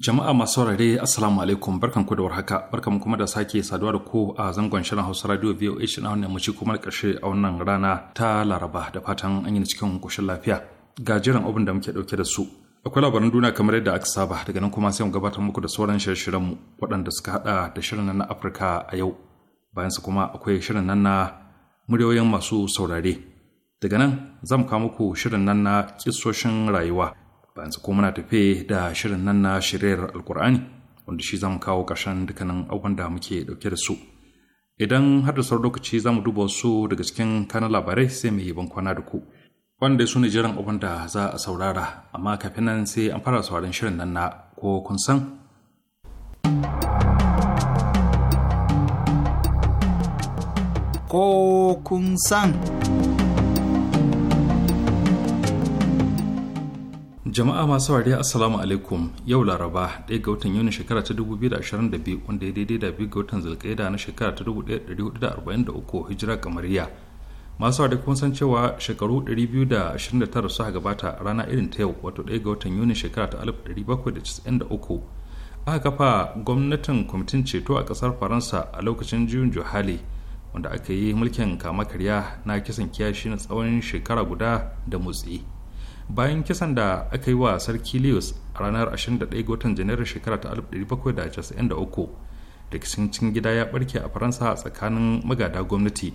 Jama'a masu saurare Assalamu alaikum barkan ku da warhaka barkan kuma da sake saduwa da ku a zangon shirin Hausa Radio VOH na wannan ci kuma karshe a wannan rana ta Laraba da fatan an yi cikin koshin lafiya ga jiran abin da muke dauke da su akwai labaran duniya kamar yadda aka saba daga nan kuma sai mu gabatar muku da sauran shirye-shiryen mu waɗanda suka haɗa da shirin nan na Afirka a yau bayan su kuma akwai shirin nan na muryoyin masu saurare daga nan zan kawo muku shirin nan na kissoshin rayuwa bayan ko muna tafe da shirin nan na shiryar alkur'ani wanda shi zamu kawo ƙarshen dukkanin abubuwan da muke ɗauke da su idan har da sauran lokaci za mu duba su daga cikin kanan labarai sai mu yi bankwana da ku wanda su ne jiran abin da za a saurara amma kafin nan sai an fara sauran shirin nan na ko kun san ko kun san jama'a masu wariya assalamu alaikum yau laraba 1 ga watan yuni shekara ta 2022 wanda ya daidai da 2 ga watan zulkaida na shekara ta 1443 hijira kamariya masu wariya kun san cewa shekaru 229 su gabata rana irin ta yau wato 1 ga watan yuni shekara ta 1793 aka kafa gwamnatin kwamitin ceto a kasar faransa a lokacin juyin johali wanda aka yi mulkin kama karya na kisan kiyashi na tsawon shekara guda da motsi bayan kisan da aka yi wa sarki lewis a ranar 21 ga watan janairu shekara ta 1793 rikicin gida ya barke a faransa tsakanin magada gwamnati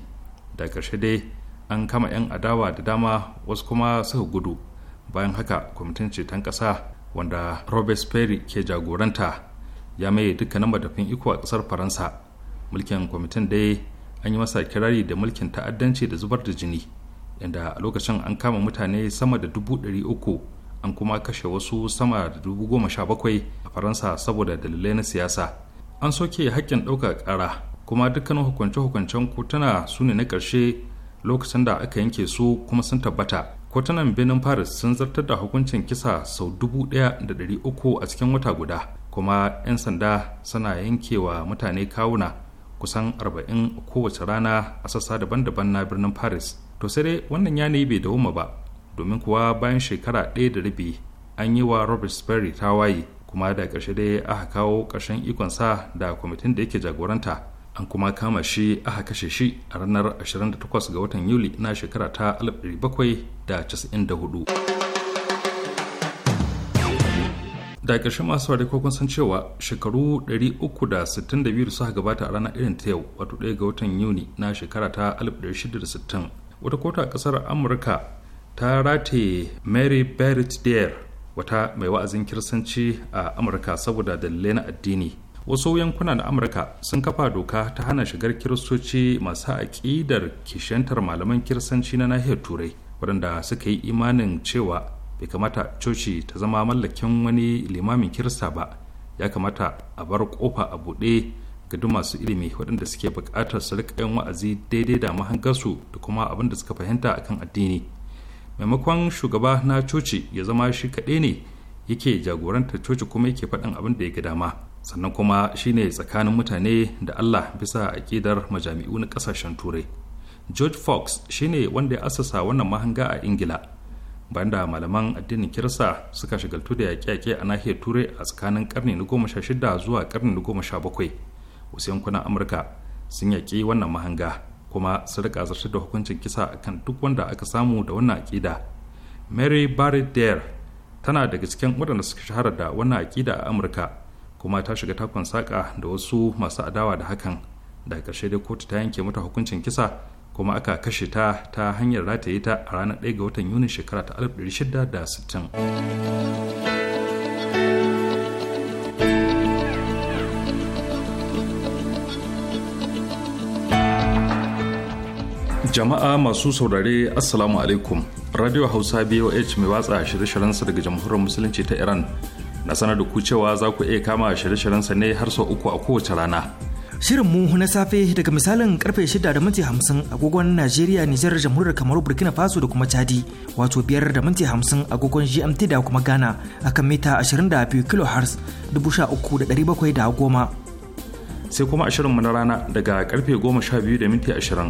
da karshe dai an kama 'yan adawa da dama wasu kuma suka gudu bayan haka kwamitin ceton kasa wanda robert perry ke jagoranta ya maye dukkanin madafin iko a ƙasar faransa mulkin kwamitin dai an yi masa kirari da mulkin ta'addanci da zubar da jini inda a lokacin an kama mutane sama da dubu ɗari uku an kuma kashe wasu sama da dubu goma sha bakwai a faransa saboda dalilai na siyasa an soke hakkin ɗaukar ƙara kuma dukkanin hukunce-hukuncen kotuna su ne na ƙarshe lokacin da aka yanke su kuma sun tabbata kotunan birnin paris sun zartar da hukuncin kisa sau dubu ɗaya da ɗari uku a cikin wata guda kuma 'yan sanda suna yankewa mutane kawuna kusan arba'in kowace rana a sassa daban-daban na birnin paris to sai dai wannan yanayi bai umma ba domin kuwa bayan shekara ɗaya da rabi an yi wa robert sperry tawaye kuma da ƙarshe dai aka kawo ƙarshen ikonsa da kwamitin da yake jagoranta an kuma kama shi aka kashe shi a ranar 28 ga watan yuli na shekara ta 1794 da ƙarshe masu ware ko kun san cewa shekaru 362 su suka gabata a ranar irin ta yau wato 1 ga watan yuni na shekara ta 1660 wata kotu a kasar amurka ta rataye mary berit dare wata mai wa'azin kirsanci a amurka saboda dalilai na addini wasu yankuna na amurka sun kafa doka ta hana shigar kiristoci masu aƙidar kishantar malaman kirsanci na nahiyar turai waɗanda suka yi imanin cewa bai kamata coci ta zama mallakin wani limamin kirista ba ya kamata a bar kofa a buɗe ga duk masu ilimi waɗanda suke buƙatar su riƙa yin wa'azi daidai da mahangarsu da kuma abin da suka fahimta akan addini maimakon shugaba na coci ya zama shi kaɗai ne yake jagorantar coci kuma yake faɗin abin da ya ga dama sannan kuma shine tsakanin mutane da Allah bisa aƙidar majami'u na ƙasashen turai George Fox shine wanda ya asasa wannan mahanga a Ingila bayan da malaman addinin kirsa suka shigaltu da yaƙe-yaƙe a nahiyar Turai a tsakanin ƙarni na goma sha shida zuwa ƙarni na goma sha bakwai wasu yankunan amurka sun yaƙi wannan mahanga kuma sun rika zartar da hukuncin kisa akan duk wanda aka samu da wannan aƙida mary barry dare tana daga cikin waɗanda suka shahara da wannan aƙida a amurka kuma ta shiga takon saƙa da wasu masu adawa da hakan da ƙarshe dai kotu ta yanke mata hukuncin kisa kuma aka kashe ta ta hanyar rataye ta a ranar 1 ga watan yuni shekara ta 1660 jama'a masu saurare assalamu alaikum radio hausa boh mai watsa shirye shiryen sa daga jamhuriyar musulunci ta iran na sanar da ku cewa za ku iya kama shirye shiryen sa ne har sau uku a kowace rana shirin mu na safe daga misalin karfe shida da minti 50 agogon najeriya nijar jamhuriyar kamaru burkina faso da kuma chadi wato biyar da minti 50 agogon gmt da kuma ghana akan mita 22 kilohertz 13710 sai kuma a shirinmu na rana daga karfe goma sha biyu da minti ashirin.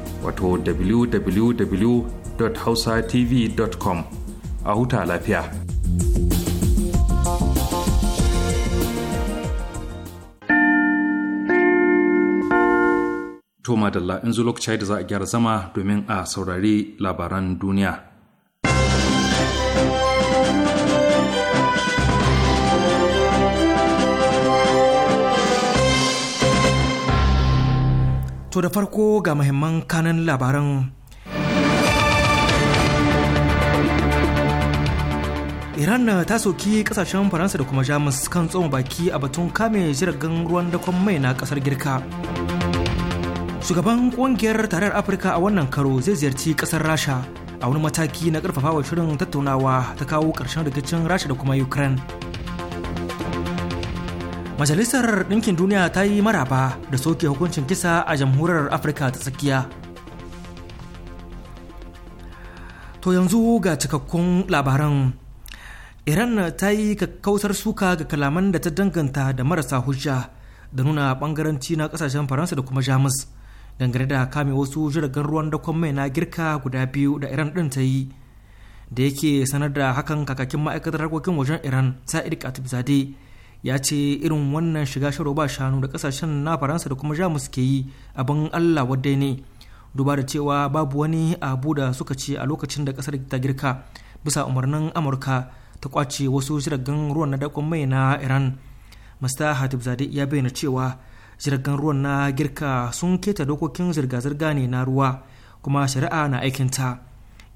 wato www.hausatv.com a huta lafiya. Toma Dalla in zo lokaci da za a gyara zama domin a saurari labaran duniya. To da farko ga mahimman kanan labaran. Iran ta soki kasashen Faransa da kuma Jamus kan tsoma baki a batun kame jiragen ruwan dakon mai na kasar Girka. Shugaban kungiyar tarayyar Afirka a wannan karo zai ziyarci kasar Rasha a wani mataki na karfafawa shirin tattaunawa ta kawo ƙarshen rikicin Rasha da kuma Ukraine. majalisar ɗinkin duniya ta yi maraba da soke hukuncin kisa a jamhuriyar afirka ta tsakiya to yanzu ga cikakkun labaran iran ta yi kakkausar suka ga kalaman da ta danganta da marasa hujja da nuna bangaranci na kasashen faransa da kuma jamus dangane da kame wasu jiragen ruwan dakon mai na girka guda biyu da iran ɗin ta yi da yake sanar da hakan kakakin ma'aikatar harkokin wajen iran sa'id katib zade. ya ce irin wannan shiga sharo ba shanu da kasashen na faransa da kuma jamus ke yi abin allah wadai ne duba da cewa babu wani abu da suka ce a lokacin da kasar ta girka bisa umarnin amurka ta kwace wasu jiragen ruwan na dakon mai na iran hatib zade ya bayyana cewa jiragen ruwan na girka sun keta dokokin zirga-zirga ne na ruwa kuma shari'a na aikinta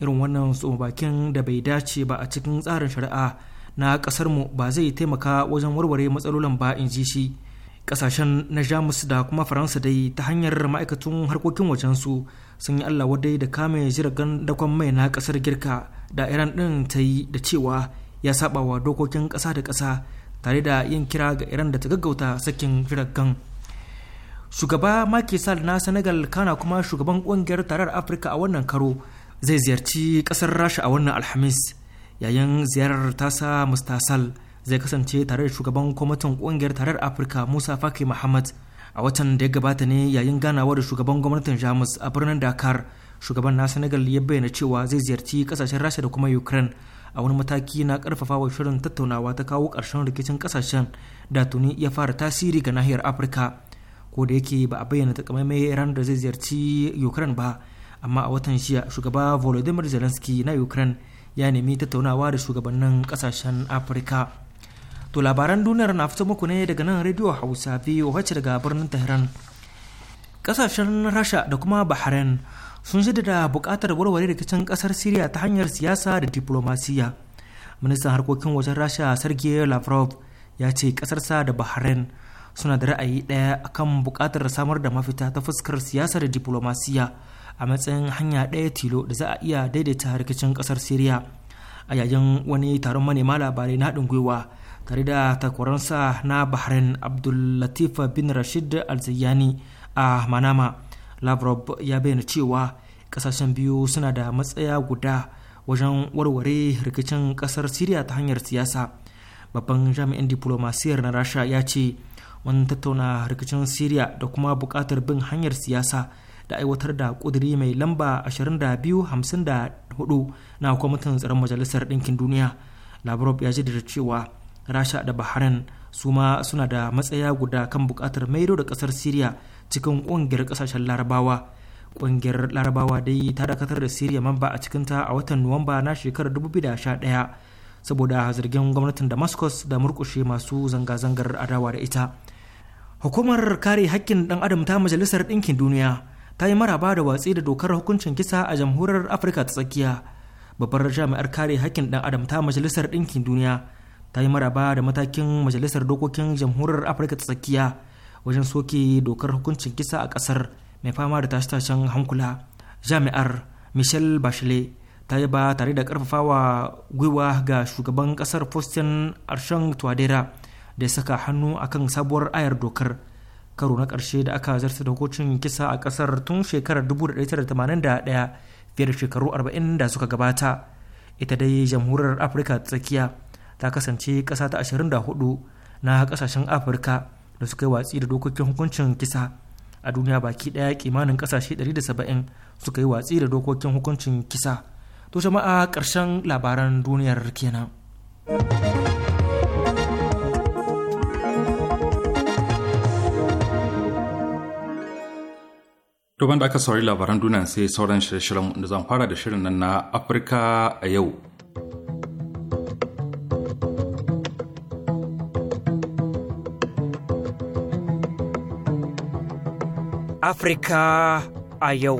irin wannan bakin da bai dace ba a cikin tsarin shari'a na ƙasarmu ba zai taimaka wajen warware matsalolin ba in ji shi kasashen na jamus da kuma faransa dai ta hanyar ma'aikatun harkokin wajensu sun yi allah wadai da kame jiragen dakon mai na ƙasar girka da iran din ta yi da cewa ya saba wa dokokin kasa da kasa tare da yin kira ga iran da ta gaggauta sakin jiragen shugaba Macky Sall na Senegal kana kuma shugaban kungiyar tarar Afirka a wannan karo zai ziyarci kasar Rasha a wannan Alhamis yayin ziyarar tasa mustasal zai kasance tare da shugaban kwamitin kungiyar tarar afirka musa faki muhammad a watan da ya gabata ne yayin ganawa da shugaban gwamnatin jamus a birnin dakar shugaban na senegal ya bayyana cewa zai ziyarci kasashen rasha da kuma ukraine a wani mataki na karfafa wa shirin tattaunawa ta kawo karshen rikicin kasashen da tuni ya fara tasiri ga nahiyar afirka ko da yake ba a bayyana takamaimai iran da zai ziyarci ukraine ba amma a watan jiya shugaba volodymyr zelensky na ukraine ya nemi tattaunawa da shugabannin kasashen afirka to labaran duniyar na fito muku ne daga nan rediyo hausa voh daga birnin tehran kasashen rasha da kuma bahrain sun da bukatar warware rikicin kasar siriya ta hanyar siyasa da diplomasiya ministan harkokin wajen rasha sergei lavrov ya ce kasarsa da bahrain suna da ra'ayi ɗaya akan bukatar samar da mafita ta fuskar siyasa da diplomasiya a matsayin hanya ɗaya tilo da za a iya daidaita rikicin ƙasar Siriya a yayin wani taron manema labarai na haɗin gwiwa tare da takwaransa na Bahrain Abdullatif bin Rashid al a Manama. Lavrov ya bayyana cewa ƙasashen biyu suna da matsaya guda wajen warware rikicin ƙasar Siriya ta hanyar siyasa. Babban jami'in diplomasiyar na Rasha ya ce wani tattauna rikicin Siriya da kuma buƙatar bin hanyar siyasa da aiwatar da ƙudiri mai lamba 2254 na kwamitin tsaron majalisar ɗinkin duniya lavrov ya jaddada cewa rasha da bahrain su ma suna da matsaya guda kan buƙatar maido da ƙasar syria cikin ƙungiyar ƙasashen larabawa ƙungiyar larabawa dai ta dakatar da syria mamba a cikinta a watan nuwamba na shekarar 2011 saboda zargin gwamnatin damascus da murkushe masu zanga-zangar adawa da ita hukumar kare hakkin ɗan adam ta majalisar ɗinkin duniya ta yi maraba da watsi da dokar hukuncin kisa a jamhuriyar afirka ta tsakiya babbar jami'ar kare hakkin dan adam ta majalisar ɗinkin duniya ta yi maraba da matakin majalisar dokokin jamhuriyar afirka ta tsakiya wajen soke dokar hukuncin kisa a ƙasar mai fama da tashe-tashen hankula jami'ar michelle bachelet ta yi ba tare da karfafawa gwiwa ga shugaban ƙasar faustin arshang tuadera da ya saka hannu akan sabuwar ayar dokar karo na ƙarshe da aka zarta da hukuncin kisa a ƙasar tun shekarar 1981 fiye da shekaru 40 da suka gabata ita dai jamhuriyar afirka tsakiya ta kasance ƙasa ta 24 na ƙasashen afirka da suka yi watsi da dokokin hukuncin kisa a duniya baki ɗaya kimanin ƙasashe 170 suka yi watsi da dokokin hukuncin kisa to jama'a ƙarshen labaran duniyar kenan. ban da aka saurari labaran duniya sai sauran shirye-shiryen da zan fara da shirin nan na Afirka a yau. Afirka a yau.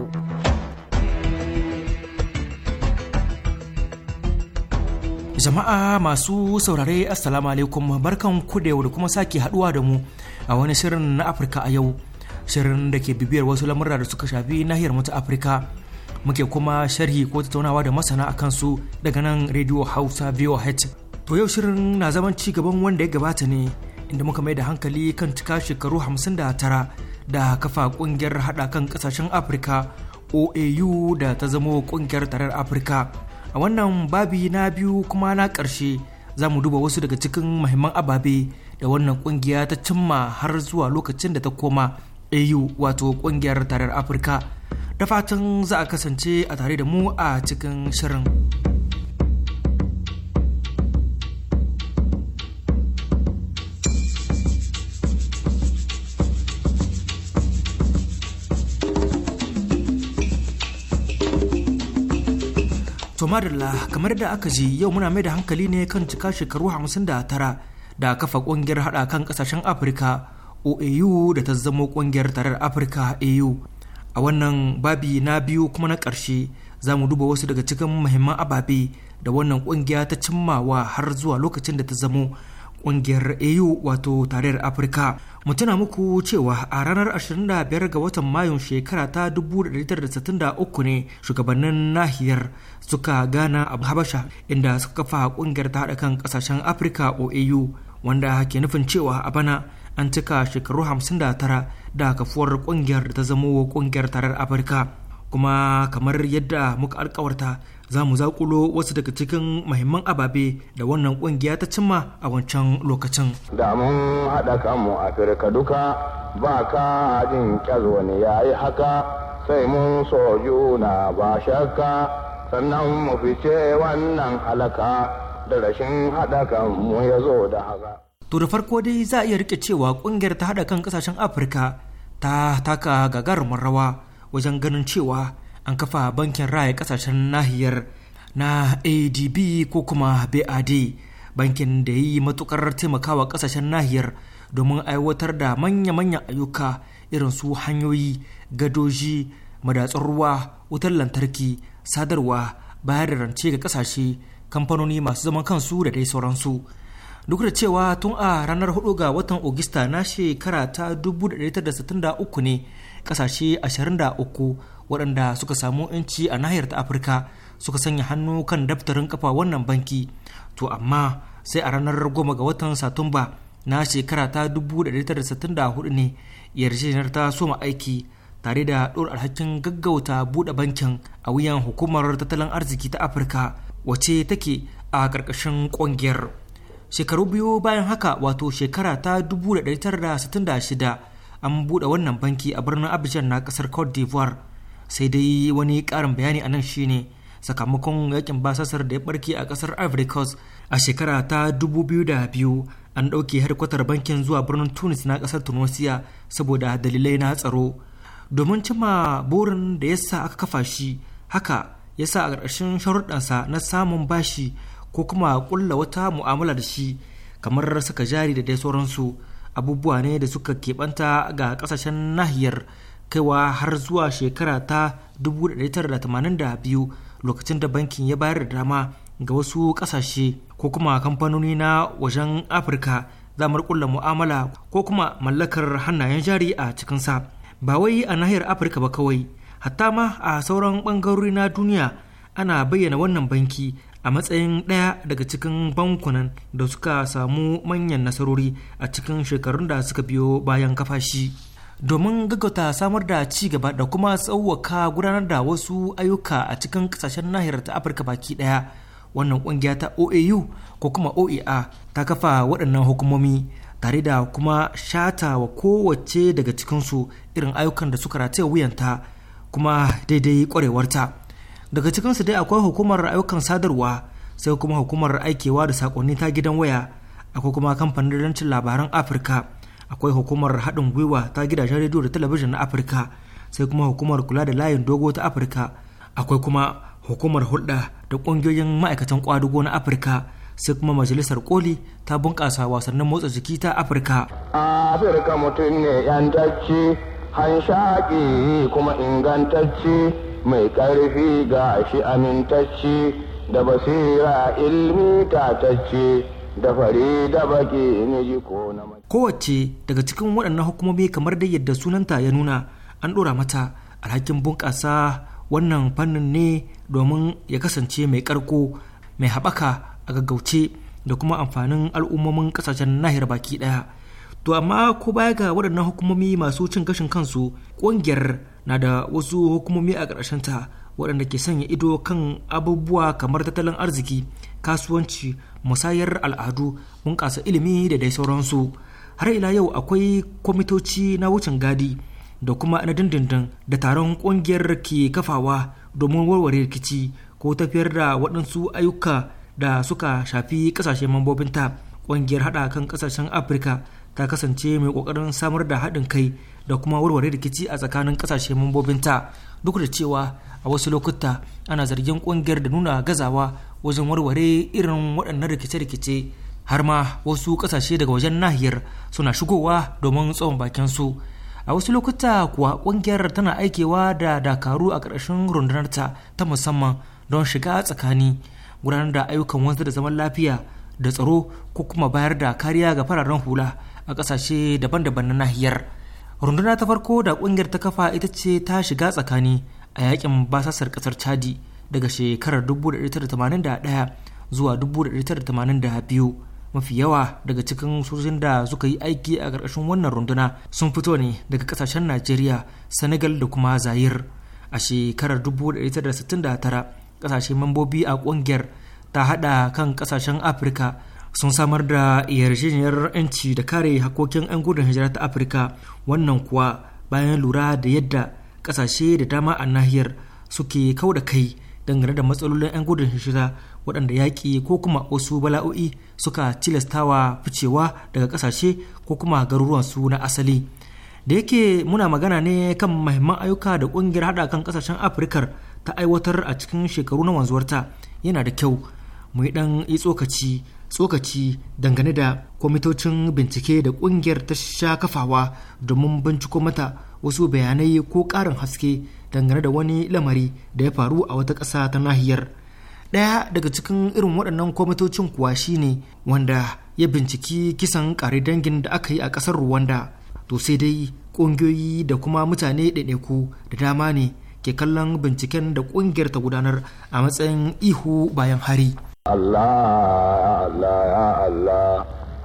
Jama'a masu saurare Assalamu alaikum barkan ku da yau da kuma sake haɗuwa da mu a wani shirin na Afirka a yau. shirin da ke bibiyar wasu lamurra da suka shafi nahiyar mata ta afirka muke kuma sharhi ko tattaunawa da masana a kansu daga nan radio hausa voh to yau shirin na zaman ci gaban wanda ya gabata ne inda muka mai da hankali kan cika shekaru hamsin da tara da kafa kungiyar hada kan kasashen afirka oau da ta zamo kungiyar tarar afirka a wannan babi na biyu kuma na karshe za mu duba wasu daga cikin mahimman ababe da wannan kungiya ta cimma har zuwa lokacin da ta koma au wato kungiyar tarar afirka da fatan za a kasance a tare da mu a cikin shirin To kamar da aka ji yau muna mai da hankali ne kan cika shekaru 59 da kafa kungiyar haɗa kan ƙasashen Afirka oau da ta zamo kungiyar tarar afirka au a wannan babi na biyu kuma na ƙarshe za mu duba wasu daga cikin muhimman ababe da wannan kungiya ta cimmawa har zuwa lokacin da ta zamo kungiyar au wato tarayyar afirka mu tuna muku cewa a ranar 25 ga watan mayun shekara ta 1963 ne shugabannin nahiyar suka gana a habasha inda suka kafa kungiyar ta haɗa kan ƙasashen afirka oau wanda ke nufin cewa a bana an cika shekaru 59 da kafuwar kungiyar da ta zamo kungiyar tarar afirka kuma kamar yadda muka alkawarta za mu zakulo wasu daga cikin mahimman ababe da wannan kungiya ta cimma a wancan lokacin da mun haɗa kanmu afirka duka ba ka jin wani ya yi haka sai mun so juna ba shakka sannan mu fice wannan halaka da rashin haɗa kanmu ya zo da haka To da farko dai za a iya rike cewa kungiyar ta haɗa kan ƙasashen Afirka ta taka gagarumin rawa wajen ganin cewa an kafa bankin raya ƙasashen nahiyar na ADB ko kuma BAD bankin da yi matukar taimakawa ƙasashen nahiyar domin aiwatar da manya-manyan ayyuka irin su hanyoyi gadoji madatsar ruwa wutar lantarki sadarwa bayar da rance ga ƙasashe kamfanoni masu zaman kansu da dai sauransu. duk da cewa tun a ranar 4 ga watan Ogista na shekara ta 1963 ne kasashe 23 waɗanda suka samu inci a nahiyar ta Afirka suka sanya hannu kan daftarin kafa wannan banki to amma sai a ranar 10 ga watan Satumba na shekara ta 1964 ne yarjejeniyar ta soma aiki tare da ɗor alhakin gaggauta buɗe bankin a wuyan hukumar tattalin arziki ta afirka wace take a ƙarƙashin ƙungiyar shekaru biyu bayan haka wato shekara ta 1966 an buɗe wannan banki a birnin abidjan na ƙasar cote d'ivoire sai dai wani ƙarin bayani a nan shine sakamakon yakin basasar da ya barke a ƙasar ivory coast a shekara ta 2002 an ɗauke harkwatar bankin zuwa birnin tunis na ƙasar tunisia saboda dalilai na tsaro domin cima burin da ya sa aka kafa shi haka ya sa a ƙarshen sharuɗansa na samun bashi ko kuma kulla wata mu'amala da shi kamar saka jari da dai sauransu abubuwa ne da suka keɓanta ga ƙasashen nahiyar kaiwa har zuwa shekara ta 1982 lokacin da bankin ya bayar da dama ga wasu ƙasashe ko kuma kamfanoni na wajen afirka zamar kulla mu'amala ko kuma mallakar hannayen jari a cikinsa ba wai a nahiyar afirka ba kawai hatta ma a sauran ɓangarori na duniya ana bayyana wannan banki a matsayin ɗaya daga cikin bankunan da suka samu manyan nasarori a cikin shekarun da suka biyo bayan kafashi domin gaggauta samar da ci gaba da kuma tsawaka gudanar da wasu ayyuka a cikin kasashen nahiyar ta afirka baki ɗaya wannan ƙungiya ta oau ko kuma oea ta kafa waɗannan hukumomi tare da kuma shata wa kowace daga cikinsu irin ayyukan da suka rataya wuyanta kuma daidai ƙwarewarta daga cikinsu dai akwai hukumar ayyukan sadarwa sai kuma hukumar aikewa da sakonni ta gidan waya akwai kuma kamfanin rancin labaran afirka akwai hukumar haɗin gwiwa ta gidajen rediyo da talabijin na afirka sai kuma hukumar kula da layin dogo ta afirka akwai kuma hukumar hulɗa da ƙungiyoyin ma'aikatan ƙwadugo na afirka sai kuma majalisar koli ta bunƙasa wasannin motsa jiki ta afirka afirka mutum ne yantacce hanshaƙi kuma ingantacce mai ƙarfi ga shi amintacci da basira ilmi tatacce da fari da baki ne ji ko na Kowace daga cikin waɗannan hukumomi kamar da yadda sunanta ya nuna an ɗora mata alhakin bunƙasa wannan fannin ne domin ya kasance mai ƙarko mai haɓaka a gaggauce da kuma amfanin al'ummomin ƙasashen nahiyar baki ɗaya. To amma ko baya ga waɗannan hukumomi masu cin gashin kansu ƙungiyar na da wasu hukumomi a ta waɗanda ke sanya ido kan abubuwa kamar tattalin arziki kasuwanci musayar al'adu bunƙasa ilimi da dai sauransu har ila yau akwai kwamitoci na wucin gadi da kuma na dindindin da taron ƙungiyar ke kafawa domin warware rikici ko tafiyar da waɗansu ayyuka da suka shafi ƙasashe mambobinta ƙungiyar haɗa kan ƙasashen afirka ta kasance mai ƙoƙarin samar da haɗin kai da kuma warware rikici a tsakanin kasashe ta duk da cewa a wasu lokuta ana zargin kungiyar da nuna gazawa wajen warware irin waɗannan rikice-rikice har ma wasu kasashe daga wajen nahiyar suna shigowa domin tsawon bakin su a wasu lokuta kuwa kungiyar tana aikewa da dakaru a ƙarshen ta ta musamman don shiga tsakani gudanar da ayyukan wanzu da zaman lafiya da tsaro ko kuma bayar da kariya ga fararen hula a ƙasashe daban-daban na nahiyar runduna ta farko da kungiyar ta kafa ita ce ta shiga tsakani a yakin basasar kasar chadi daga shekarar 1981 zuwa 1982 mafi yawa daga cikin sojojin da suka yi aiki a ƙarƙashin wannan runduna sun fito ne daga ƙasashen najeriya senegal da kuma zayir a shekarar 1969 ƙasashe mambobi a ƙungiyar ta haɗa kan ƙasashen afirka sun samar da yarjejeniyar 'yanci da kare hakokin 'yan gudun hijira ta afirka wannan kuwa bayan lura da yadda kasashe da dama a nahiyar suke kau da kai dangane da matsalolin 'yan gudun hijira waɗanda yaƙi ko kuma wasu bala'o'i suka tilastawa ficewa daga kasashe ko kuma garuruwansu na asali da yake muna magana ne kan mahimman ayyuka da kungiyar hada kan kasashen afirka ta aiwatar a cikin shekaru na wanzuwarta yana da kyau mu yi dan yi tsokaci tsokaci dangane da kwamitocin bincike da kungiyar ta sha kafawa domin binciko mata wasu bayanai ko ƙarin haske dangane da wani lamari da ya faru a wata ƙasa ta nahiyar ɗaya daga cikin irin waɗannan kwamitocin kuwa ne wanda ya binciki kisan ƙare dangin da aka yi a ƙasar ruwanda to sai dai ƙungiyoyi da kuma mutane ɗaiɗaiku da dama ne ke kallon binciken da ƙungiyar ta gudanar a matsayin ihu bayan hari Allah ya Allah ya Allah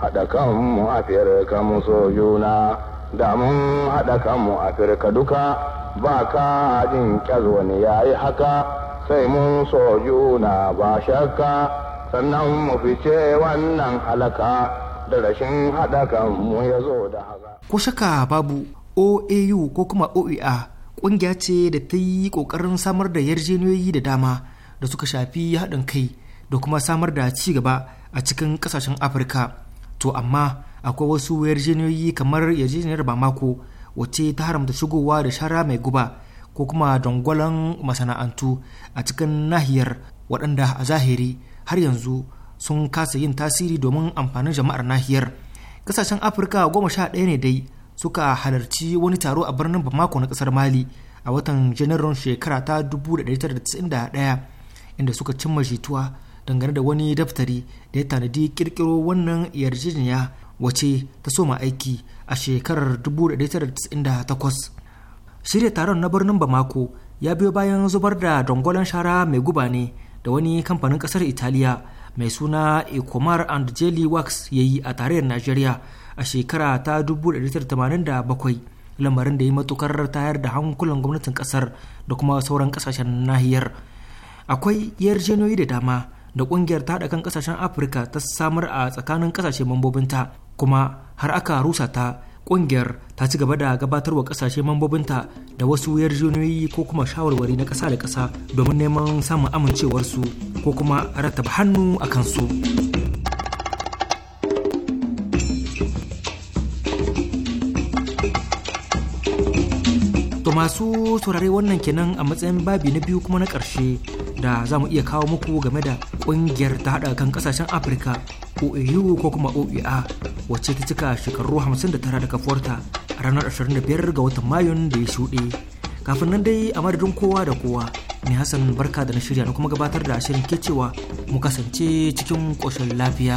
haɗa kanmu Afirka mu so juna da mun haɗa kanmu Afirka duka ba ka jin wani ya yi haka sai mun so juna ba shakka sannan mu fice wannan halaka da rashin haɗa kanmu ya zo da haka. Ko shaka babu OAU ko kuma OEA ƙungiya ce da ta yi ƙoƙarin samar da yarjejeniyoyi da dama da suka shafi haɗin kai da kuma samar da ci gaba a cikin kasashen afirka to amma akwai wasu yarjejeniyoyi kamar yarjejeniyar bamako wacce ta haramta shigowa da shara mai guba ko kuma dangwalon masana'antu a cikin nahiyar waɗanda a zahiri har yanzu sun kasa yin tasiri domin amfanin jama'ar nahiyar kasashen afirka goma sha ɗaya ne dai suka halarci wani taro a birnin bamako na ƙasar mali a watan janairun shekara ta 1991 inda suka cimma jituwa dangane da wani daftari da ya tanadi kirkiro wannan yarjejeniya wace ta soma aiki a shekarar 1998 shirya taron na birnin bamako ya biyo bayan zubar da dongolan shara mai guba ne da wani kamfanin kasar italiya mai suna ecomar and jelly wax ya yi a tarayyar nigeria a shekara ta 1987 lamarin da ya matukar tayar da hankulan gwamnatin kasar da kuma sauran kasashen nahiyar akwai yarjejeniyoyi da dama da kungiyar ta kan kasashen afirka ta samar a tsakanin kasashe mambobinta kuma har aka rusa ta kungiyar ta ci gaba da gabatarwa kasashe mambobinta da wasu yarjejeniyoyi ko kuma shawarwari na kasa da kasa domin neman samun amincewarsu ko kuma rattaba hannu a kansu to masu saurare wannan kenan a matsayin babi na biyu kuma na ƙarshe da za mu iya kawo muku game da kungiyar ta haɗa kan kasashen afirka oau ko kuma oea wacce ta cika shekaru 59 da kafuwarta a ranar 25 ga watan mayun da ya shuɗe kafin nan dai a madadin kowa da kowa ne hassan barka da na shirya na kuma gabatar da ashirin ke cewa mu kasance cikin ƙoshin lafiya.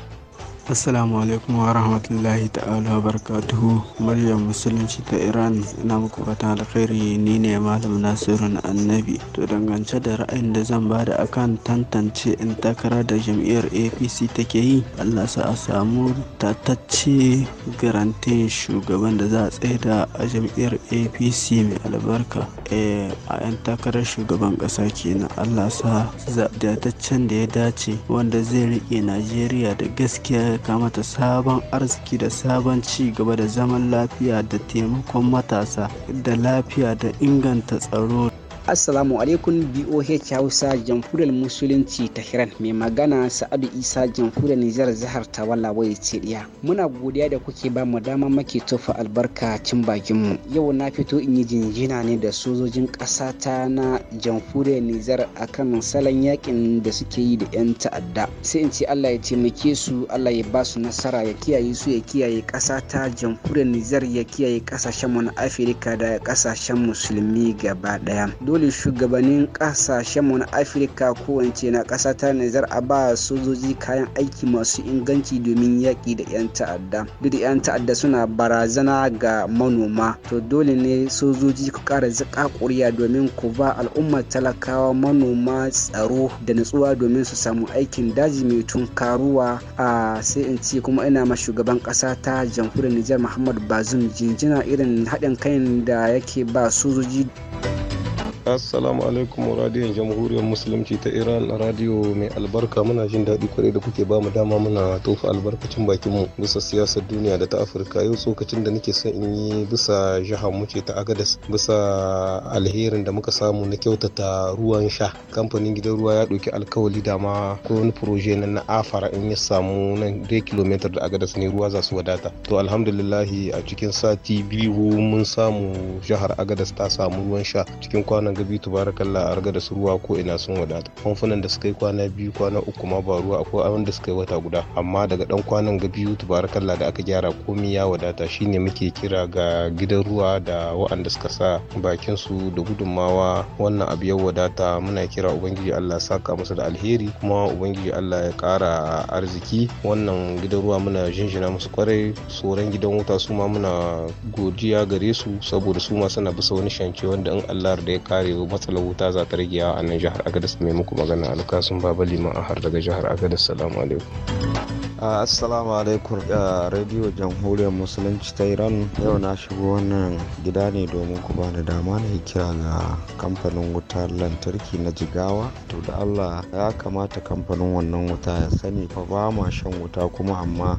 assalamu alaikum wa rahmatullahi ta'ala barakatuhu maryam musulunci ta iran ina muku fata alkhairi ni ne malam nasirun annabi to dangance da ra'ayin da zan bada akan tantance in takara da jam'iyyar apc take yi allah sa a samu tatacce garantin shugaban da za a tsaida a jam'iyyar apc mai albarka eh, a 'yan takarar shugaban ƙasa kenan allah sa da ya dace wanda zai riƙe najeriya da gaskiya Allah ya sabon arziki da sabon ci gaba da zaman lafiya da taimakon matasa da lafiya da inganta tsaro Assalamu alaikum BOH Hausa jamhuriyar Musulunci Hiran mai magana Sa'adu Isa jamhuriyar Nijar jihar wala waye Tsiriya. Muna godiya da kuke ba mu dama muke tofa albarkacin bakin mu. Yau na fito in yi jinjina ne da sojojin ƙasa ta na jamhuriyar Nijar akan salon yakin da suke yi da 'yan ta'adda. Sai in ce Allah ya taimake su, Allah ya ba su nasara ya kiyaye su ya kiyaye ƙasa ta jamhuriyar Nijar ya kiyaye ƙasashen mu na Afirka da ƙasashen musulmi gaba ɗaya. Dole dole shugabannin kasashenmu na afirka kowance na ƙasa ta nazar a ba sojoji kayan aiki masu inganci domin yaƙi da 'yan ta'adda duk da 'yan ta'adda suna barazana ga manoma to dole ne sojoji ku kara zaƙa ƙuriya domin ku ba al'ummar talakawa manoma tsaro da natsuwa domin su samu aikin daji mai tunkaruwa a sai in ce kuma ina ma shugaban ƙasa ta jamhuriyar nijar muhammad bazum jinjina irin haɗin kan da yake ba sojoji assalamu alaikum radiyon jamhuriyar musulunci ta iran radiyo mai albarka muna jin daɗi kwarai da kuke ba mu dama muna tofa albarkacin bakin mu bisa siyasar duniya da ta afirka yau tsokacin da nake son in yi bisa jihar mu ta agadas bisa alherin da muka samu na kyautata ruwan sha kamfanin gidan ruwa ya ɗauki alkawali dama ko wani proje na na afara in ya samu nan dai kilomitar da agadas ne ruwa za su wadata to alhamdulillahi a cikin sati biyu mun samu jihar agadas ta samu ruwan sha cikin kwana famfunan gabi tubarakallah a raga da su ruwa ko ina sun wadata famfunan da suka yi kwana biyu kwana uku ma ba ruwa akwai abin da suka yi wata guda amma daga dan kwanan ga biyu tubarakallah da aka gyara komi ya wadata shine muke kira ga gidan ruwa da wa'anda suka sa bakin su da gudunmawa wannan abu ya wadata muna kira ubangiji Allah ya saka musu da alheri kuma ubangiji Allah ya kara arziki wannan gidan ruwa muna jinjina musu kwarai tsoron gidan wuta su ma muna godiya gare su saboda su ma suna bisa wani shance wanda in Allah da ya kare kare matsalar wuta za ta rage yawa a nan jihar agadis mai muku magana alkasun baba liman har daga jihar agadis salamu alaikum assalamu alaikum da radio jamhuriyar musulunci ta iran yau na shigo wannan gida ne domin ku bani dama na kira ga kamfanin wutar lantarki na jigawa to da allah ya kamata kamfanin wannan wuta ya sani fa ba ma shan wuta kuma amma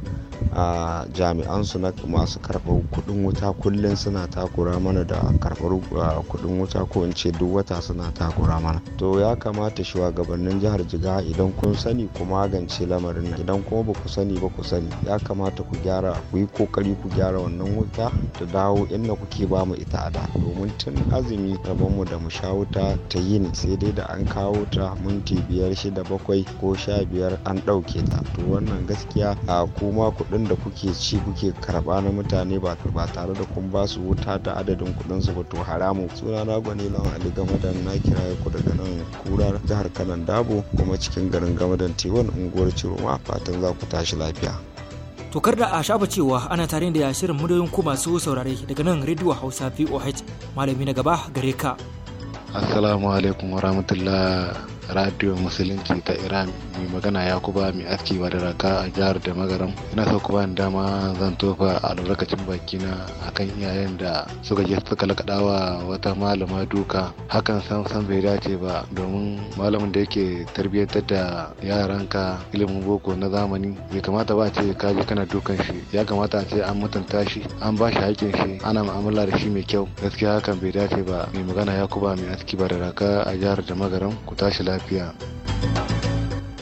a jami'ansu na masu karɓar kuɗin wuta kullum suna takura mana da karɓar kuɗin wuta ko in duk wata suna takura mana to ya kamata shugabannin jihar jiga idan kun sani ku magance lamarin idan kuma ba ku sani ba ku sani ya kamata ku gyara ku yi kokari ku gyara wannan wuta ta dawo inda kuke ba mu ita a domin tun azumi mu da mu sha wuta ta yini sai dai da an kawo ta minti biyar shida bakwai ko sha biyar an ɗauke ta to wannan gaskiya a kuma kuɗin da kuke ci kuke karɓa na mutane ba tare da kun ba su wuta ta adadin kuɗin su ba to haramun suna na gwani lawan game Gamadan na kira ku daga nan kurar jihar Kanan Dabo kuma cikin garin Gamadan Tewan unguwar Ciroma fatan za ku tashi lafiya. Tokar da a shafa cewa ana tare da shirin muryoyin ku masu saurare daga nan rediyo Hausa VOH malami na gaba gare ka. Assalamu alaikum wa rahmatullah radio musulunci ta iran mai magana ya kuba mai aski da raka a jihar da magaram ina so kuma dama zan tofa baki na akan iyayen da suka je suka wa wata malama duka hakan sam sam bai dace ba domin malamin da yake tarbiyyantar da yaranka ilimin boko na zamani bai kamata ba ce ka kana dukan shi ya kamata a ce an mutunta shi an ba shi haƙƙin shi ana mu'amala da shi mai kyau gaskiya hakan bai dace ba mai magana ya kuba mai aski ba da raka a jihar da magaram ku tashi lafiya pia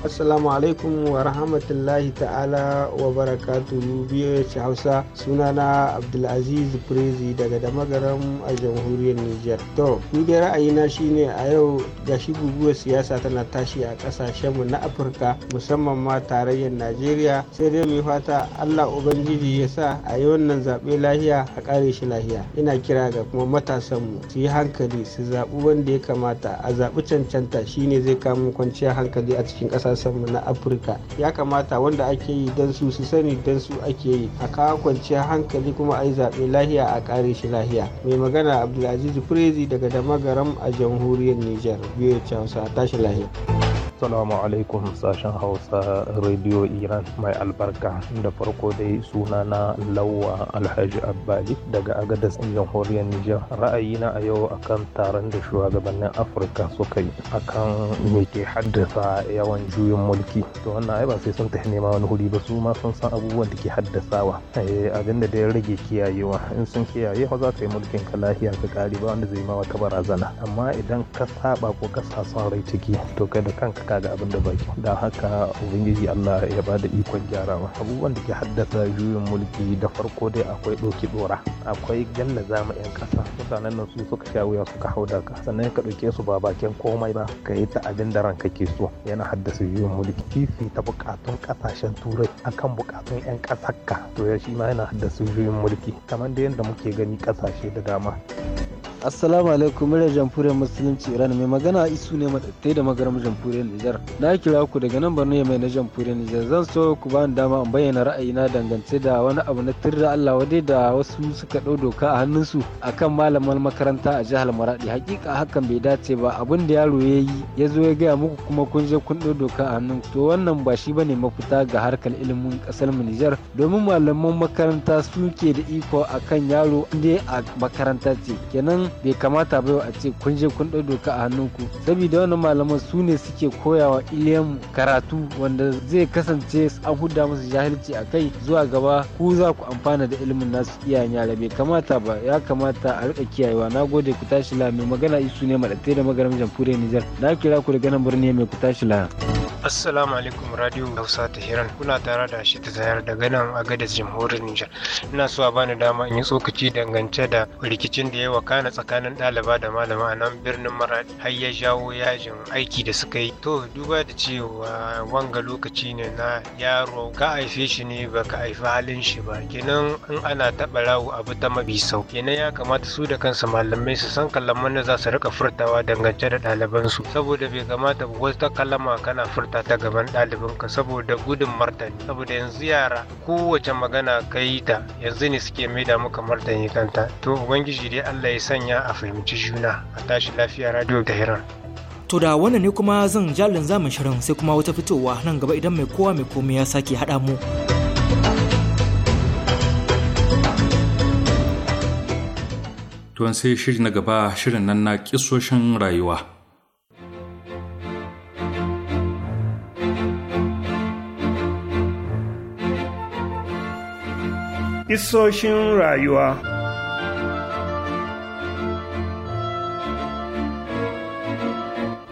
assalamu alaikum wa rahmatullahi ta'ala wa barakatuhu biyu hausa sunana abdulaziz prezi daga damagaram a jamhuriyar niger to ni ra'ayina shine a yau gashi guguwar siyasa tana tashi a kasashenmu na afirka musamman ma tarayyar najeriya sai dai mu fata allah ubangiji ya sa a yi wannan zaɓe lahiya a ƙare shi lahiya ina kira ga kuma matasanmu su yi hankali su zaɓi wanda ya kamata a zaɓi cancanta shine zai kamo kwanciyar hankali a cikin ƙasa matasanmu na afirka ya kamata wanda ake yi don su su sani don su ake yi a kawo kwanciyar hankali kuma a yi zaɓe lahiya a ƙare shi lahiya mai magana abdulaziz prezi daga damagaram a jamhuriyar niger biyu ya tashi lahiya Assalamu alaikum sashen Hausa Radio Iran mai albarka da farko dai suna na Lawa Alhaji Abbali daga Agadas jamhuriyar Nijar. Ra'ayina a yau akan taron da shugabannin Afirka suka yi akan me ke haddasa yawan juyin mulki. To wannan ai ba sai sun tafi nema wani huri ba su ma sun san abubuwan da ke haddasawa. Eh, abin da dai rage kiyayewa in sun kiyaye ba za ka yi mulkin ka lafiya ka kare ba wanda zai ma wata barazana. Amma idan ka saba ko ka sa son rai ciki to kai da kanka alaka da abin da baki don haka ubangiji allah ya ba da ikon gyarawa abubuwan da ke haddasa juyin mulki da farko dai akwai ɗoki ɗora akwai gallaza zama 'yan ƙasa mutanen nan su suka sha wuya suka hau daga sannan ka ɗauke su ba bakin komai ba ka yi ta abin da ranka ke so yana haddasa juyin mulki ta buƙatun ƙasashen turai akan buƙatun 'yan ƙasar ka. to ya shi ma yana haddasa juyin mulki kamar da yadda muke gani ƙasashe da dama assalamu alaikum muryar jamhuriyar musulunci iran mai magana isu ne madattai da magaram jamhuriyar nijar na kira ku daga nan borno mai na jamhuriyar nijar zan so ku ba ni dama in bayyana ra'ayi na dangance da wani abu na tirda allah wade da wasu suka ɗau doka a hannunsu akan malaman makaranta a jihar maradi hakika hakan bai dace ba abin da yaro ya yi ya zo ya gaya muku kuma kun je kun ɗau doka a hannun to wannan ba shi ne mafita ga harkar ilimin ƙasar mu nijar domin malaman makaranta suke da iko akan yaro inda a makaranta ce kenan bai kamata ba a ce kun je kun ɗau doka a hannunku saboda wannan malaman su ne suke koyawa iliyan karatu wanda zai kasance an huda musu jahilci a kai zuwa gaba ku za ku amfana da ilimin nasu iyayen yara bai kamata ba ya kamata a rika kiyayewa na gode ku tashi la mai magana isu ne maɗatai da magaram jamfure nijar na kira ku daga nan birni mai ku tashi la. Assalamu alaikum Radio Hausa hiran kuna tare da shi ta zayar daga nan a gadas jamhuriyar Nijar. Ina so a bani dama in yi tsokaci dangance da rikicin da ya wakana tsakanin ɗaliba da malama a nan birnin mara har ya jawo yajin aiki da suka yi to duba da cewa wanga lokaci ne na yaro ka haife shi ne ba ka haifi halin shi ba kenan in ana taɓa rawu abu ta mabi sau kenan ya kamata su da kansu malamai su san kalaman da za su rika furtawa dangance da ɗalibansu saboda bai kamata wata kalama kana furta ta gaban ɗalibinka saboda gudun martani saboda yanzu yara kowace magana ka yi ta yanzu ne suke maida maka martani kanta to ubangiji dai Allah ya sanya sanya a fahimci juna a tashi lafiya radio hiran. To da wannan ne kuma zan jalin zamu shirin sai kuma wata fitowa nan gaba idan mai kowa mai komai ya sake haɗa mu. Tuwan sai shiri na gaba shirin nan na kisoshin rayuwa. Kisoshin rayuwa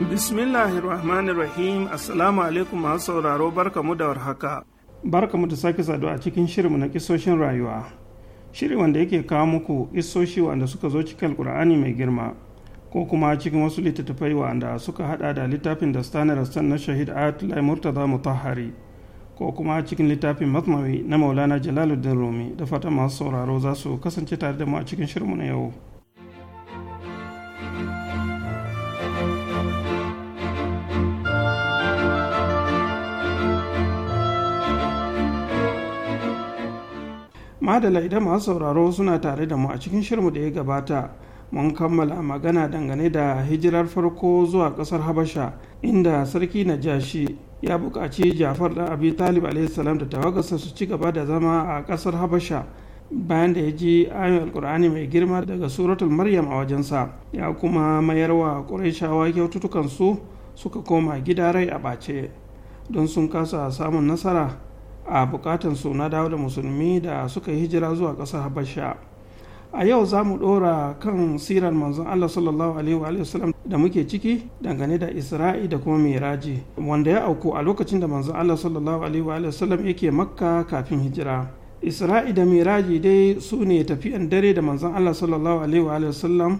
Bismillahirrahmanirrahim Assalamu alaikum masu sauraro mu da warhaka. Barka Barkamu da sake saduwa a cikin shirinmu na kisoshin rayuwa. Shiri wanda yake kawo muku isoshi wanda suka zo cikin Alkur'ani mai girma ko kuma cikin wasu littattafai wanda suka hada da littafin da stanar na shahid Atulai Murtaza Mutahari ko kuma cikin littafin Matmawi na Maulana Jalaluddin Rumi da fata masu sauraro za su kasance tare da mu a cikin shirinmu na yau. madala idan masu sauraro suna tare da mu a cikin shirmu da ya gabata mun kammala magana dangane da hijirar farko zuwa kasar habasha inda sarki najashi ya buƙaci jafar da abi talib salam da tawagarsa su ci gaba da zama a kasar habasha bayan da ya ji ayon alkur'ani mai girma daga suratul maryam a wajensa ya kuma mayar wa kyaututtukan su suka koma gida rai a ɓace don sun kasa samun nasara a bukatan su na dawo da musulmi da suka yi hijira zuwa ƙasar habasha a yau za mu ɗora kan sirar manzon allah sallallahu alaihi wa sallam da muke ciki dangane da isra'i da kuma miraji wanda ya auku a lokacin da manzon allah sallallahu alaihi wa sallam yake makka kafin hijira isra'i da miraji dai su ne tafiyan dare da manzon allah sallallahu alaihi wa sallam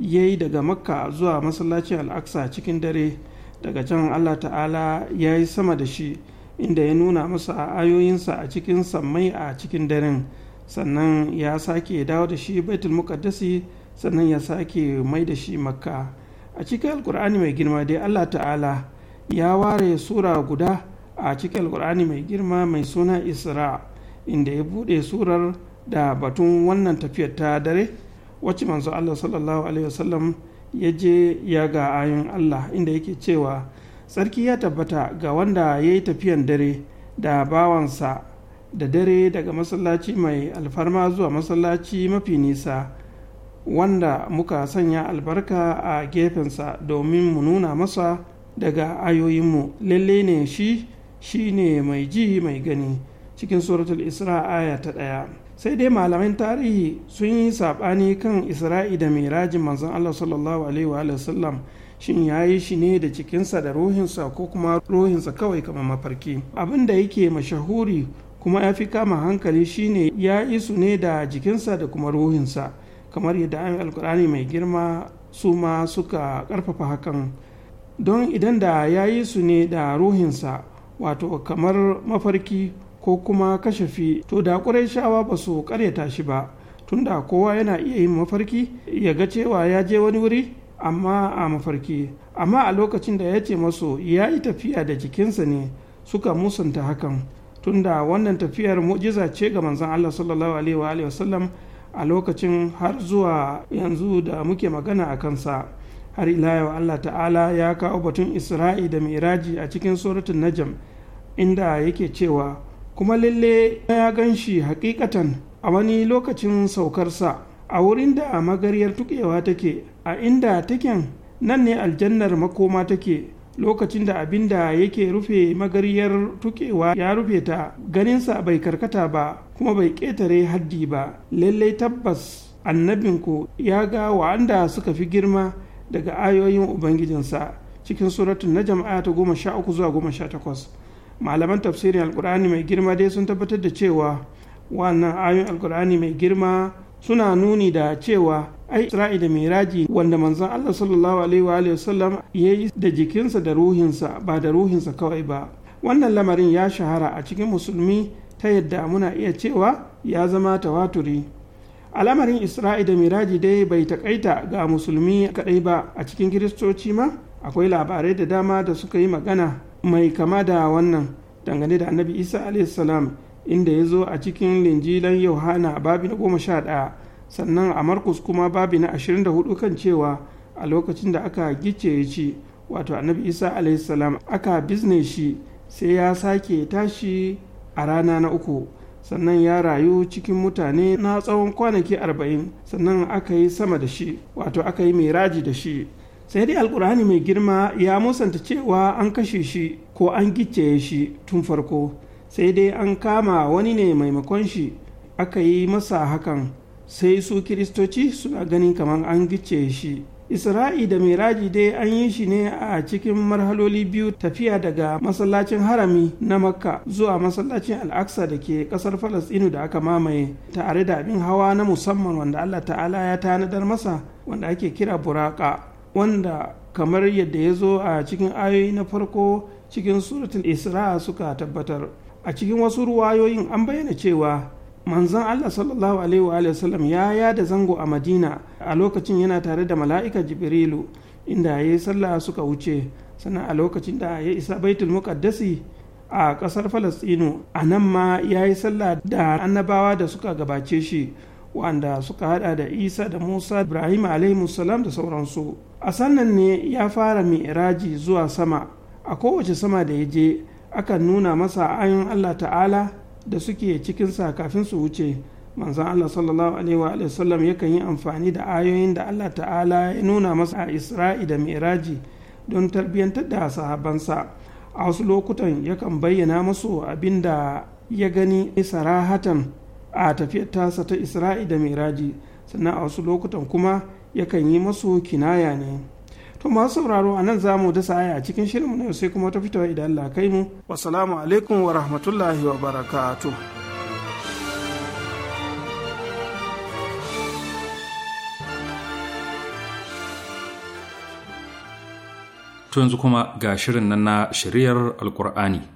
ya yi daga makka zuwa masallacin al'aksa cikin dare daga can allah ta'ala ya yi sama da shi inda ya nuna masa ayoyinsa a cikin sammai a cikin daren sannan ya sake dawo da shi baitul muqaddasi sannan ya sake mai da shi makka a cikin alkur'ani mai girma dai allah ta'ala ya ware sura guda a cikin alkur'ani mai girma mai suna isra inda ya bude surar da batun wannan tafiyar ta dare wacce manzo allah sallallahu alaihi wasallam ya je ya ga ayin allah inda yake cewa Sarki ya tabbata ga wanda ya yi tafiyan dare da bawansa da dare daga masallaci mai alfarma zuwa masallaci mafi nisa wanda muka sanya albarka a gefensa domin mu nuna masa daga ayoyinmu lalle ne shi shi ne mai ji mai gani cikin suratul isra aya ta ɗaya sai dai malamin tarihi sun yi saɓani kan isra'i da mirajin manzon allah sallallahu alaihi wa sallam shin ya yi shi ne da cikinsa da ruhinsa ko kuma ruhinsa kawai kamar mafarki abin da yake mashahuri kuma ya fi kama hankali shine ya yi su ne da jikinsa da kuma ruhinsa kamar yadda an alkur'ani mai girma su ma suka karfafa hakan don idan da ya yi su ne da ruhinsa wato kamar mafarki ko kuma kashafi to da shawa ba su karyata shi ba tunda kowa yana iya yin mafarki ya ga cewa ya je wani wuri amma a mafarki amma a lokacin da ya ce masu ya yi tafiya da jikinsa ne suka musanta hakan tunda wannan tafiyar mu'jiza ce ga manzon Allah sallallahu alaihi wa sallam a lokacin har zuwa yanzu da muke magana a kansa har ila yau Allah ta'ala ya kawo batun Isra'i da Miraji a cikin suratul Najm inda yake cewa kuma lalle ya gan shi hakikatan a wani lokacin saukarsa a wurin da magaryar tukewa take a inda taken nan ne aljannar makoma take lokacin da abin da yake rufe magaryar tukewa ya rufe ta ganinsa bai karkata ba kuma bai ƙetare haddi ba lallai tabbas annabinku ya ga wa'anda suka fi girma daga ayoyin ubangijinsa cikin suratun na jama'a ta goma sha uku zuwa goma sha takwas malaman tafsirin alkur'ani mai girma dai sun tabbatar da cewa wannan ayoyin alkur'ani mai girma suna nuni da cewa ai isra'i da miraji wanda manzon allah sallallahu alaihi wa sallam ya yi da jikinsa da ruhinsa ba da ruhinsa kawai ba wannan lamarin ya shahara a cikin musulmi ta yadda muna iya cewa ya zama tawaturi al'amarin isra'i da miraji dai bai takaita ga musulmi kadai ba a cikin kiristoci ma akwai labarai da dama da suka yi magana mai kama da wannan dangane da annabi isa salam inda ya zo a cikin linjilan yohana babi na goma sha ɗaya sannan a markus kuma babi na ashirin da hudu kan cewa a lokacin da aka gice ya ci wato annabi isa alaihissalam aka bizne shi sai ya sake tashi a rana na uku sannan ya rayu cikin mutane na tsawon kwanaki arba'in sannan aka yi sama da shi wato aka yi mai raji da shi sai dai alkur'ani mai girma ya musanta cewa an kashe shi ko an gicciye shi tun farko sai dai an kama wani ne maimakon shi aka yi masa hakan sai su kiristoci suna ganin kamar an gice shi isra'i da miraji dai an yi shi ne a cikin marhaloli biyu tafiya daga masallacin harami na makka zuwa masallacin al'aksa da ke kasar falastinu da aka mamaye tare da abin hawa na musamman wanda allah ta'ala ya tanadar masa wanda ake kira buraka wanda kamar yadda ya zo a cikin ayoyi na farko cikin suratul isra suka tabbatar a cikin wasu ruwayoyin an bayyana cewa manzon allah sallallahu alaihi wa sallam ya yada zango a madina a lokacin yana tare da mala'ika jibrilu inda ya yi sallah suka wuce sannan a lokacin da ya isa baitul muqaddasi a ƙasar falastinu a nan ma ya yi sallah da annabawa da suka gabace shi wanda suka hada da isa da musa ibrahim salam da sauransu a sannan ne ya fara mi'raji zuwa sama a kowace sama da ya je akan nuna masa ayon allah ta'ala da suke cikinsa kafin su wuce manzan allah sallallahu alaihi wa yakan yi amfani da ayoyin da allah ta'ala ya nuna masa a isra'i da mi'raji don tarbiyyantar da sahabansa a wasu lokutan yakan bayyana masu abin da ya gani sarahatan a tafiyar tasa ta isra'i da miraji sannan a wasu lokutan kuma yakan yi masu kinaya ne to masu sauraro a nan za mu dasa aya a cikin shirin na sai kuma ta fitowa idan Allah kai mu wasalamu alaikum wa rahmatullahi wa barakatuh to yanzu kuma ga shirin nan na shiriyar alkur'ani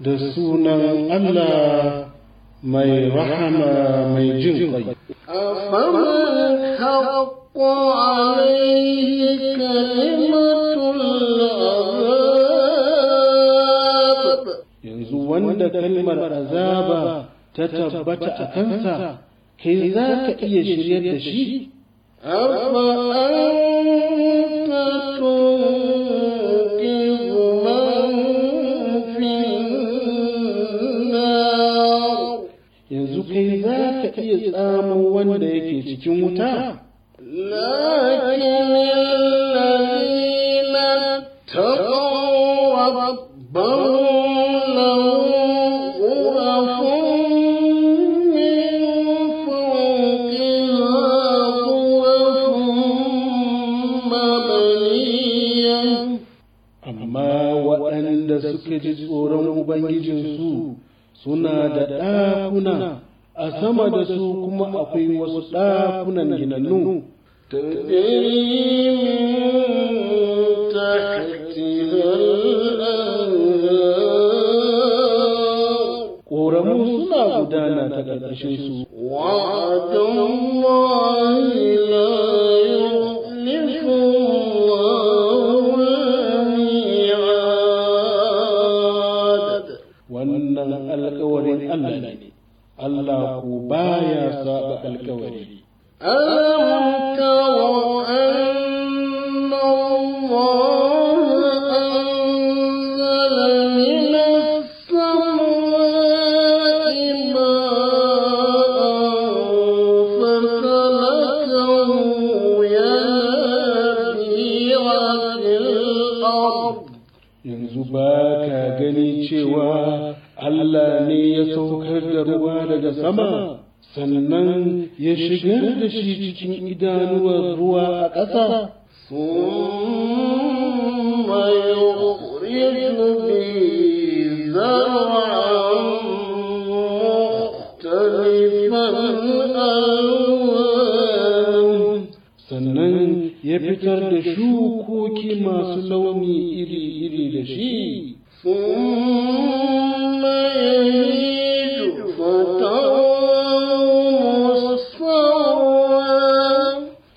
دسونا ألا ما رحم ما أفمن حق عليه كلمة العذاب ينزوان كلمة العذاب تتبت أكنسا كذا كأي شريط أفأنت 中户。sannan ya fitar da shukoki masu launi iri-iri da shi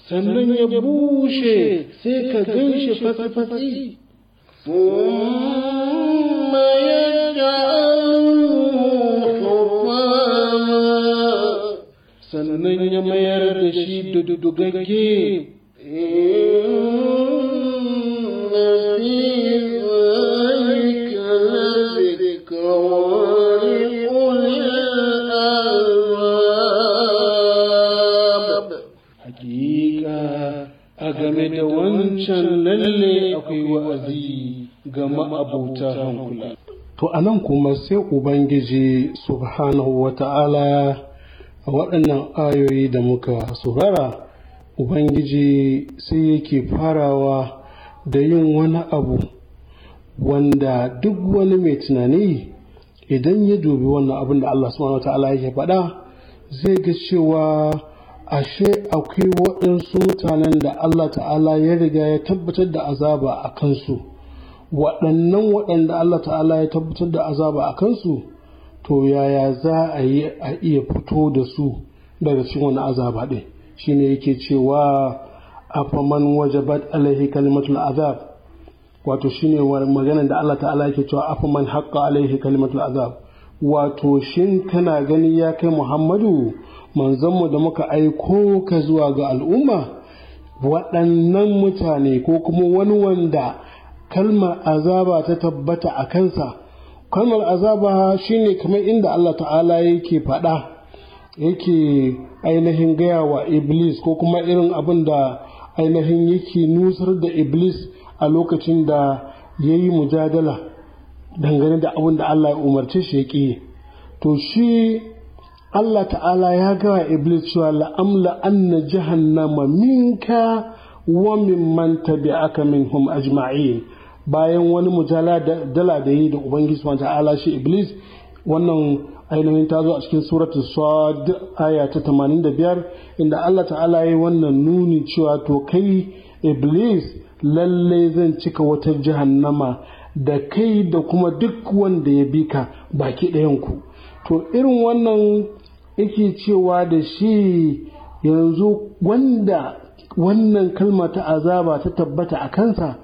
sannan ya bushe sai ka gan shi fatsi-fatsi sannan ya mayar da shi dudugagge a game da wancan lalle akwai wa'azi ga ma'abota hankula. To, anan kuma sai Ubangiji Subhanahu wa ta'ala a waɗannan ayoyi da muka saurara ubangiji sai yake farawa da yin wani abu wanda duk wani mai tunani idan ya dubi wannan abin da Allah subhanahu wa ta'ala yake faɗa zai ga cewa ashe akwai waɗansu mutanen da Allah ta'ala ya riga ya tabbatar da azaba a kansu waɗannan waɗanda Allah ta'ala ya tabbatar da azaba a kansu to yaya za a yi a iya fito da su daga cikin wani azaba ɗin shine yake cewa afaman wajabat alaihi kalimatul azab wato shine maganar da Allah ta'ala yake cewa afaman haqqa alaihi kalimatul azab wato shin kana gani ya kai Muhammadu manzanmu da muka aiko ka zuwa ga al'umma waɗannan mutane ko kuma wani wanda kalmar azaba ta tabbata a kansa kalmar azaba shine kamar inda Allah ta'ala yake faɗa yake ainihin gaya wa iblis ko kuma irin abin da ainihin yake nusar da iblis a lokacin da ya yi mujadala dangane da abin da Allah ya umarci shi ya ƙi to shi Allah ta'ala ya gawa iblis cewa la'amla anna jahannama minka wa mimman tabi'aka minhum ajma'in bayan wani mujala dala da yi da ubangiji subhanahu ta'ala shi iblis wannan ainihin ta zo a cikin suratu sad aya ta 85 inda Allah ta'ala yi wannan nuni cewa to kai iblis lalle zan cika wata jahannama da kai da kuma duk wanda ya bi ka baki ɗayan ku to irin wannan yake cewa da shi yanzu wanda wannan kalma ta azaba ta tabbata a kansa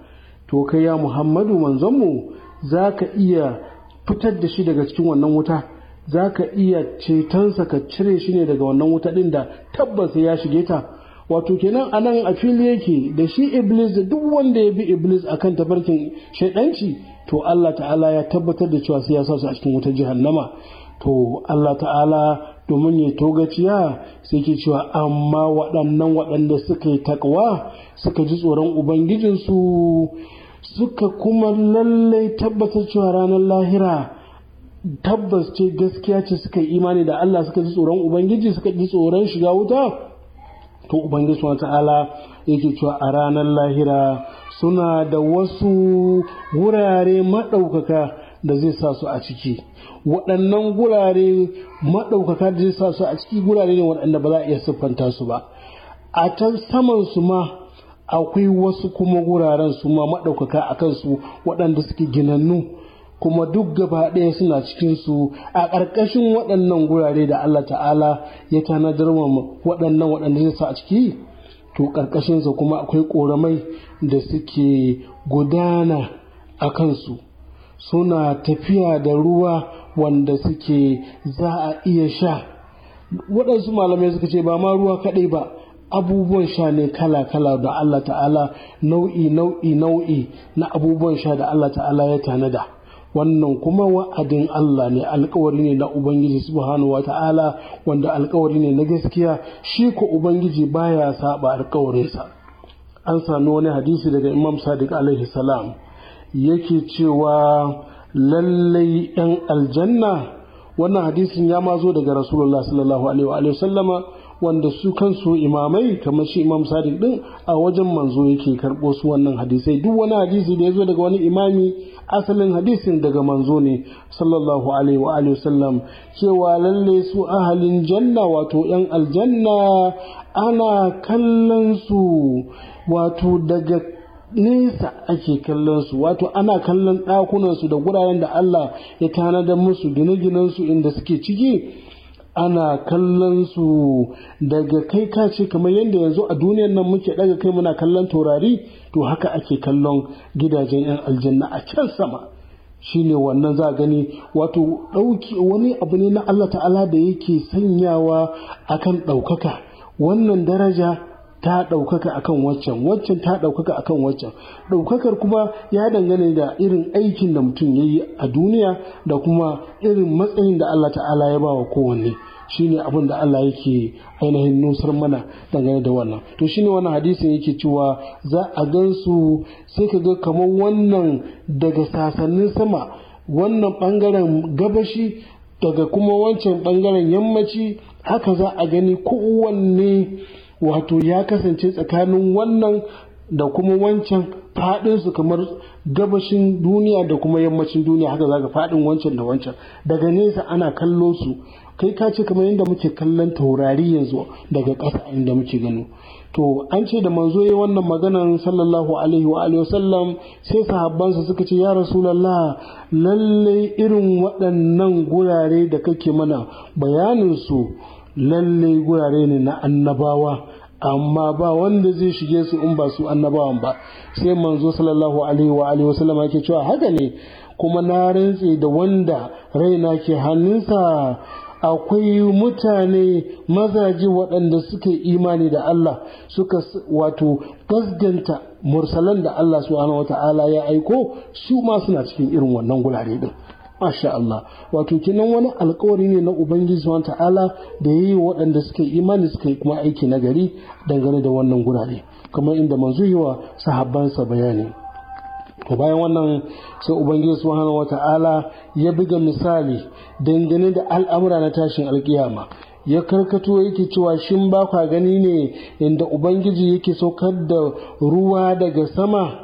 to kai ya muhammadu manzonmu za ka iya fitar da shi daga cikin wannan wuta za ka iya cetonsa ka cire shi ne daga wannan wuta ɗin da tabbas ya shige ta wato kenan anan a fili yake da shi iblis da duk wanda ya bi iblis akan tafarkin shaidanci to Allah ta'ala ya tabbatar da cewa sai ya sa su a cikin wutar jahannama to Allah ta'ala domin ya togaciya sai ke cewa amma waɗannan waɗanda suka yi takwa suka ji tsoron ubangijinsu suka kuma lallai tabbatar cewa ranar lahira tabbas ce gaskiya ce suka yi imani da Allah suka ji tsoron ubangiji suka ji tsoron shiga wuta to ubangiji wa ta'ala yake cewa a ranar lahira suna da wasu wurare maɗaukaka da zai sa su a ciki waɗannan gurare maɗaukaka da zai sa su a ciki gurare ne waɗanda ba za a iya siffanta su ba a can saman su ma akwai wasu kuma wuraren su ma maɗaukaka a kansu waɗanda suke ginannu kuma duk gaba ɗaya suna cikinsu a ƙarƙashin waɗannan gurare da Allah ta'ala ya tanadar wa waɗannan waɗanda zai sa a ciki to ƙarƙashinsa kuma akwai ƙoramai da suke gudana a kansu suna tafiya da ruwa wanda suke za a iya sha waɗansu malamai suka ce ba ma ruwa kaɗai ba abubuwan sha ne kala-kala da Allah ta'ala nau'i nau'i nau'i na abubuwan sha da Allah ta'ala ya tanada wannan kuma wa'adin Allah ne alkawari ne na Ubangiji subhanahu wa ta'ala wanda alkawari ne na gaskiya shi ko Ubangiji baya saba alkawarinsa an sami wani hadisi daga Imam Sadiq alaihi salam yake cewa lallai 'yan aljanna wannan hadisin ya mazo daga Rasulullah sallallahu alaihi wa sallama wanda su kansu imamai kamar shi imam sadiq din a wajen manzo yake karɓo su wannan hadisai duk wani hadisi da ya zo daga wani imami asalin hadisin daga manzo ne sallallahu alaihi wa alihi wasallam cewa lalle su ahalin janna wato yan aljanna ana kallon su wato daga nesa ake kallon su wato ana kallon ɗakunansu da guraren da Allah ya tanada musu gine-ginensu inda suke ciki ana kallon su daga kai ka ce kamar yadda yanzu a duniyar nan muke daga kai muna kallon taurari to haka ake kallon gidajen 'yan aljanna a can sama shine wannan za gani wato ɗauki wani abu ne na Allah ta'ala da yake sanyawa akan ɗaukaka wannan daraja ta ɗaukaka akan waccan waccan ta ɗaukaka akan waccan ɗaukakar kuma ya dangane da irin aikin da mutum ya yi a duniya da kuma irin matsayin da Allah ta'ala ya ba wa kowanne shine abin da Allah yake ainihin nusar mana dangane da wannan to shine wannan hadisin yake cewa za a gansu sai ka ga kamar wannan daga sasannin sama wannan bangaren gabashi daga kuma wancan bangaren yammaci haka za a gani kowanne wato ya kasance tsakanin wannan da kuma wancan faɗinsu kamar gabashin duniya da kuma yammacin duniya haka zaga faɗin wancan da wancan daga nesa ana kallo su kai ka ce kamar yadda muke kallon taurari yanzu daga ƙasa inda muke gano to an ce da manzo ya wannan maganan sallallahu alaihi wa alihi wasallam sai sahabbansa suka ce ya rasulallah lallai irin waɗannan gurare da kake mana bayanin su lalle gurare ne na annabawa amma ba wanda zai shige su in ba su annabawan ba sai manzo sallallahu alaihi wa alihi wasallam yake cewa haka ne kuma na rantse da wanda raina ke hannunsa akwai mutane mazaje waɗanda suke imani da Allah suka wato gasganta mursalan da Allah subhanahu wata'ala ya aiko su ma suna cikin irin wannan gurare din masha Allah wato kenan wani alkawari ne na ubangiji wa ta'ala da yayi waɗanda suka yi imani suka yi kuma aiki na gari dangane da wannan gurare kamar inda manzo yi sahabbansa bayani to bayan wannan sai ubangiji subhanahu ta'ala ya buga misali dangane da al'amura na tashin alkiyama ya karkato yake cewa shin ba kwa gani ne inda ubangiji yake saukar da ruwa daga sama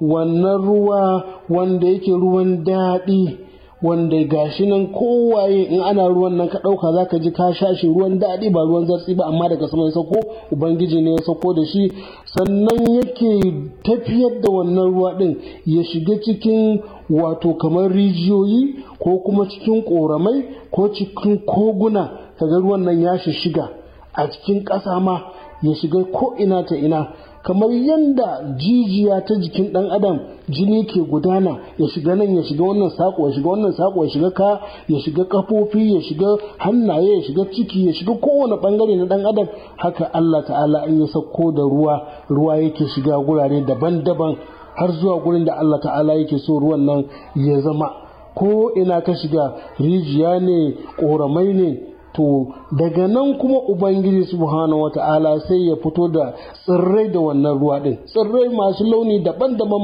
wannan ruwa wanda yake ruwan daɗi wanda gashi nan kowaye in ana ruwan nan ka ɗauka za ka ji ka sha shi ruwan daɗi ba ruwan zartsi ba amma daga sama ya sauko ubangiji ne ya sauko da shi sannan yake tafiyar da wannan ruwa ɗin ya shiga cikin wato kamar rijiyoyi ko kuma cikin ƙoramai ko cikin koguna kaga ruwan nan ya shiga a cikin ƙasa ma ya shiga ko ina ta ina kamar yadda jijiya ta jikin ɗan adam jini ke gudana ya shiga nan ya shiga wannan sako ya shiga wannan saƙo ya shiga ka ya shiga kafofi ya shiga hannaye ya shiga ciki ya shiga kowane ɓangare na ɗan adam haka Allah ta'ala in ya sauko da ruwa ruwa yake shiga gurare daban-daban har zuwa gurin da Allah ta'ala yake so ruwan nan ya zama ko ina ka shiga rijiya ne ƙoramai ne to daga nan kuma ubangiji subhanahu wata'ala sai ya fito da tsirrai da wannan ruwa din tsirrai masu launi daban-daban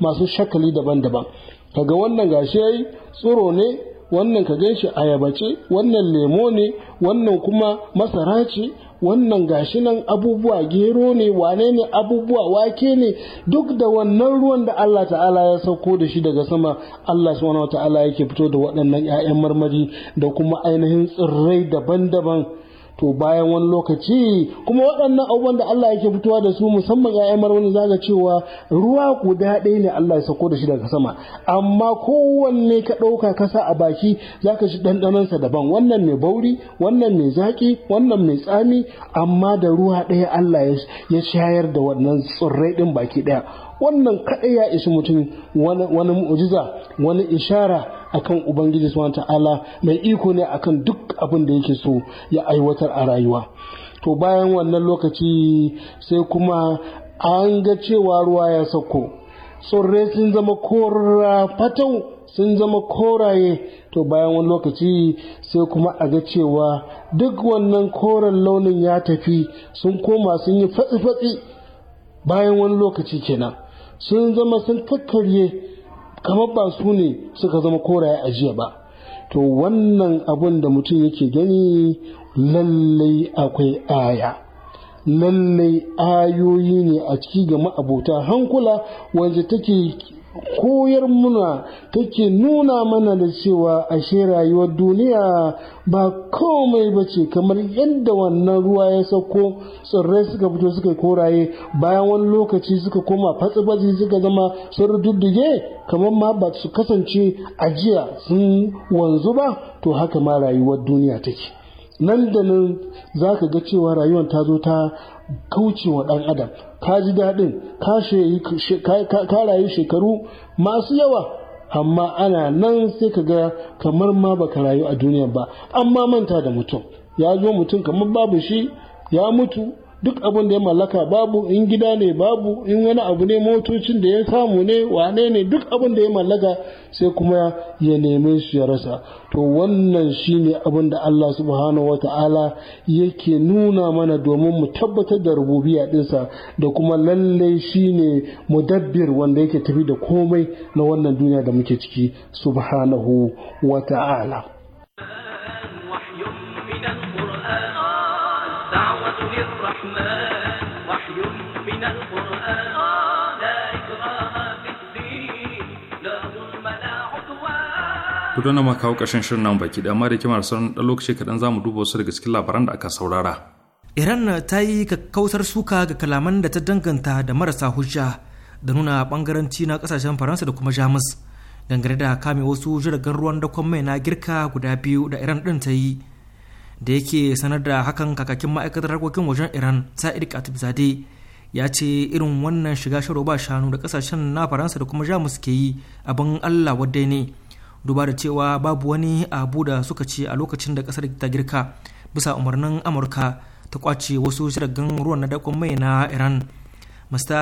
masu shakali daban-daban kaga wannan gashi yayi tsiro ne wannan ka gan shi ayaba ce wannan lemo ne wannan kuma masara ce wannan gashi nan abubuwa gero ne wane ne abubuwa wake ne duk da wannan ruwan da Allah ta'ala ya sauko da shi daga sama Allah subhanahu wa ta'ala yake fito da waɗannan 'ya'yan marmari da kuma ainihin tsirrai daban-daban to bayan wani lokaci kuma waɗannan abubuwan da Allah yake fitowa da su musamman ƴaƴan marmari zaga cewa ruwa guda ɗaya ne Allah ya sako da shi daga sama amma kowanne ka ɗauka kasa a baki zaka shi sa daban wannan mai bauri wannan mai zaƙi wannan mai tsami amma da ruwa ɗaya Allah ya shayar da wannan tsirrai ɗin baki ɗaya wannan kaɗai ya isi mutum wani mu'ujiza wani ishara akan ubangiji subhanahu ta'ala mai iko ne akan duk abin da yake so ya aiwatar a rayuwa to bayan wannan lokaci sai kuma an ga cewa ruwa ya sauko tsorre sun zama kora fatau sun zama koraye to bayan wani lokaci sai kuma a ga cewa duk wannan koren launin ya tafi sun koma sun yi fatsi-fatsi bayan wani lokaci kenan sun zama sun kakkarye kamar ba su ne suka zama koraye a jiya ba to wannan abun da mutum yake gani lallai akwai aya lallai ayoyi ne a ciki ga ma'abota hankula wanda take koyar muna take nuna mana da cewa ashe rayuwar duniya ba komai ba ce kamar yadda wannan ruwa ya sauko tsirrai suka fito suka koraye bayan wani lokaci suka koma fatsi-fatsi suka zama sun duddige kamar ma ba su kasance ajiya sun wanzu ba to haka ma rayuwar duniya take nan da nan za ka ga cewa rayuwar ta zo ta wa ɗan adam ka ji daɗin ka rayu shekaru masu yawa amma ana nan sai ka ga kamar ma baka rayu a duniya ba amma manta da mutum ya zo mutum kamar babu shi ya mutu duk abin da ya mallaka babu in gida ne babu in wani abu ne motocin da ya samu ne wane ne duk abin da ya mallaka sai kuma ya neme su ya rasa to wannan shi ne abin da Allah subhanahu wa ta'ala yake nuna mana domin mu tabbatar da rububiya dinsa da kuma lallai shine mudabbir wanda yake tafi da komai na wannan duniya da muke ciki subhanahu wa ta'ala. to don ma kawo ƙarshen shirin nan baki da amma da kimar sauran ɗan lokaci kaɗan za mu duba wasu daga cikin labaran da aka saurara. Iran ta yi kakkautar suka ga kalaman da ta danganta da marasa hujja da nuna bangaranci na kasashen Faransa da kuma Jamus dangane da kame wasu jiragen ruwan dakon mai na girka guda biyu da Iran ɗin ta yi da yake sanar da hakan kakakin ma'aikatar harkokin wajen Iran Sa'id zade ya ce irin wannan shiga sharo ba shanu da kasashen na Faransa da kuma Jamus ke yi abin Allah wadai ne. duba da cewa babu wani abu da suka ce a lokacin da kasar ta girka bisa umarnin amurka ta kwace wasu jiragen ruwan na dakon mai na iran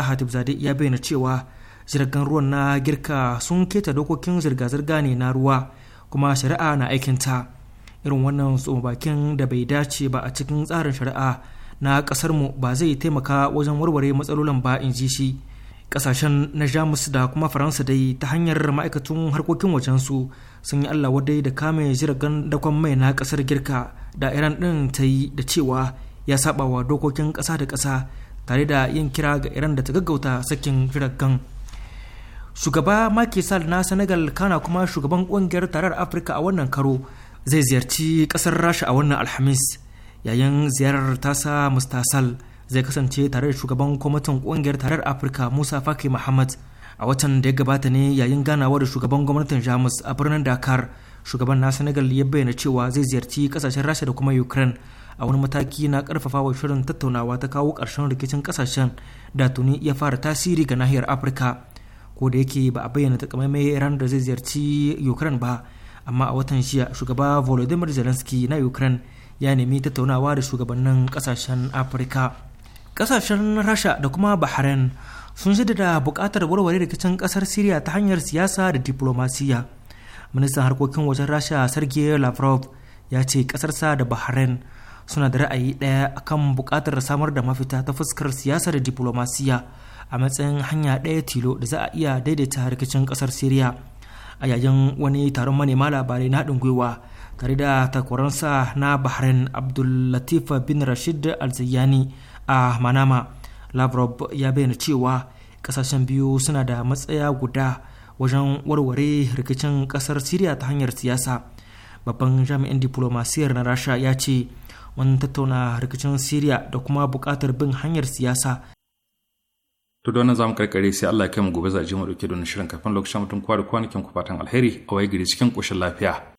hatib zade ya bayyana cewa jiragen ruwan na girka sun keta dokokin zirga-zirga ne na ruwa kuma shari'a na aikinta irin wannan tsoma bakin da bai dace ba a cikin tsarin shari'a na kasarmu ba zai taimaka wajen warware matsalolin ba in ji shi kasashen na jamus da kuma faransa dai ta hanyar ma'aikatun harkokin wajen su sun yi allah wadai da kame jiragen dakon mai na kasar girka da iran din ta yi da cewa ya saba wa dokokin kasa da kasa tare da yin kira ga iran da ta gaggauta sakin jiragen shugaba Macky Sall na Senegal kana kuma shugaban kungiyar tarar Afirka a wannan karo zai ziyarci kasar Rasha a wannan Alhamis yayin ziyarar tasa mustasal. zai kasance tare da shugaban kwamitin kungiyar tarar afirka musa faki muhammad a watan da ya gabata ne yayin ganawa da shugaban gwamnatin jamus a birnin dakar shugaban na senegal ya bayyana cewa zai ziyarci kasashen rasha da kuma ukraine a wani mataki na karfafa wa shirin tattaunawa ta kawo ƙarshen rikicin kasashen da tuni ya fara tasiri ga nahiyar afirka ko da yake ba a bayyana takamaimai iran da zai ziyarci ukraine ba amma a watan jiya shugaba volodymyr zelensky na ukraine ya nemi tattaunawa da shugabannin kasashen afirka kasashen rasha da kuma bahrain sun da bukatar warware rikicin kasar siriya ta hanyar siyasa da diplomasiya ministan harkokin wajen rasha sergei lavrov ya ce kasarsa da bahrain suna da ra'ayi ɗaya akan bukatar samar da mafita ta fuskar siyasa da diplomasiya a matsayin hanya ɗaya tilo da za a iya daidaita rikicin kasar siriya a yayin wani taron manema labarai na haɗin gwiwa tare da takwaransa na bahrain abdullatifa bin rashid al a manama lavrov ya bayyana cewa kasashen biyu suna da matsaya guda wajen warware rikicin kasar siriya ta hanyar siyasa babban jami'in diplomasiyar na rasha ya ce wani tattauna rikicin siriya da kuma bukatar bin hanyar siyasa to da zamu karkare sai Allah ya kai mu gobe zaje mu dauke da shirin kafin lokacin mutum kwa da kwanakin ku fatan alheri a waye gari cikin koshin lafiya